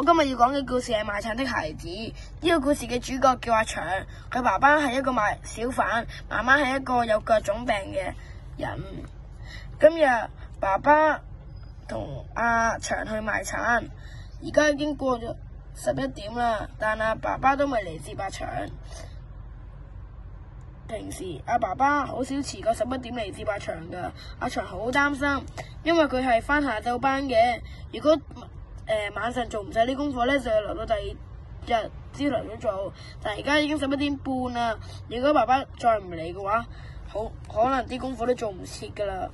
我今日要講嘅故事係賣橙的孩子。呢、這個故事嘅主角叫阿長，佢爸爸係一個賣小販，媽媽係一個有腳腫病嘅人。今日爸爸同阿長去賣橙，而家已經過咗十一點啦，但阿、啊、爸爸都未嚟接八、啊、長。平時阿、啊、爸爸好少遲過十一點嚟接阿長噶，阿長好擔心，因為佢係翻下晝班嘅，如果，呃，晚上做唔晒啲功課呢，就要留到第二日朝頭早做。但係而家已經十一點半啦，如果爸爸再唔嚟嘅話，好可能啲功課都做唔切噶啦。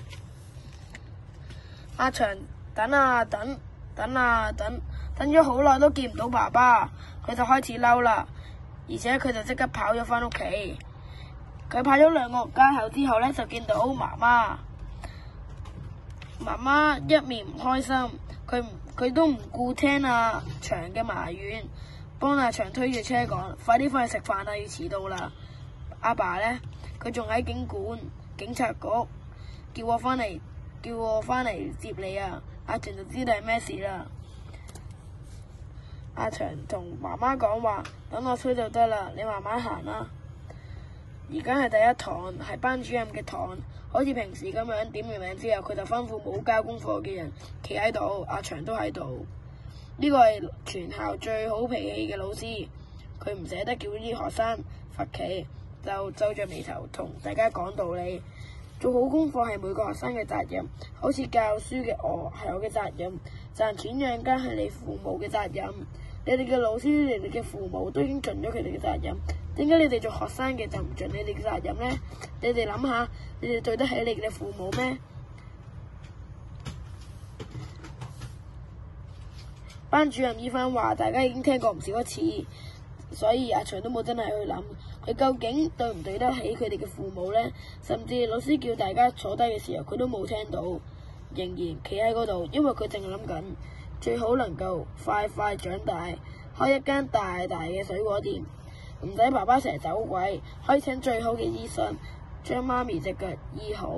阿祥，等啊等，等啊等，等咗好耐都見唔到爸爸，佢就開始嬲啦，而且佢就即刻跑咗翻屋企。佢跑咗兩個街口之後呢，就見到媽媽。媽媽一面唔開心，佢佢都唔顧聽阿祥嘅埋怨，幫阿、啊、祥推住車講：，快啲翻去食飯啦，要遲到啦！阿爸，爸呢，佢仲喺警管警察局，叫我翻嚟，叫我翻嚟接你啊！阿、啊、祥就知道係咩事啦。阿祥同媽媽講話：，等我推就得啦，你慢慢行啦、啊。而家係第一堂，係班主任嘅堂，好似平時咁樣點完名之後，佢就吩咐冇交功課嘅人企喺度，阿祥都喺度。呢個係全校最好脾氣嘅老師，佢唔捨得叫啲學生罰企，就皺着眉頭同大家講道理。做好功課係每個學生嘅責任，好似教書嘅我係我嘅責任，賺錢養家係你父母嘅責任，你哋嘅老師、你哋嘅父母都已經盡咗佢哋嘅責任。點解你哋做學生嘅就唔盡你哋嘅責任呢？你哋諗下，你哋對得起你哋嘅父母咩？班主任呢番話，大家已經聽過唔少一次，所以阿祥都冇真係去諗佢究竟對唔對得起佢哋嘅父母呢？甚至老師叫大家坐低嘅時候，佢都冇聽到，仍然企喺嗰度，因為佢正諗緊，最好能夠快快長大，開一間大大嘅水果店，唔使爸爸成日走鬼，可以請最好嘅醫生，將媽咪隻腳醫好。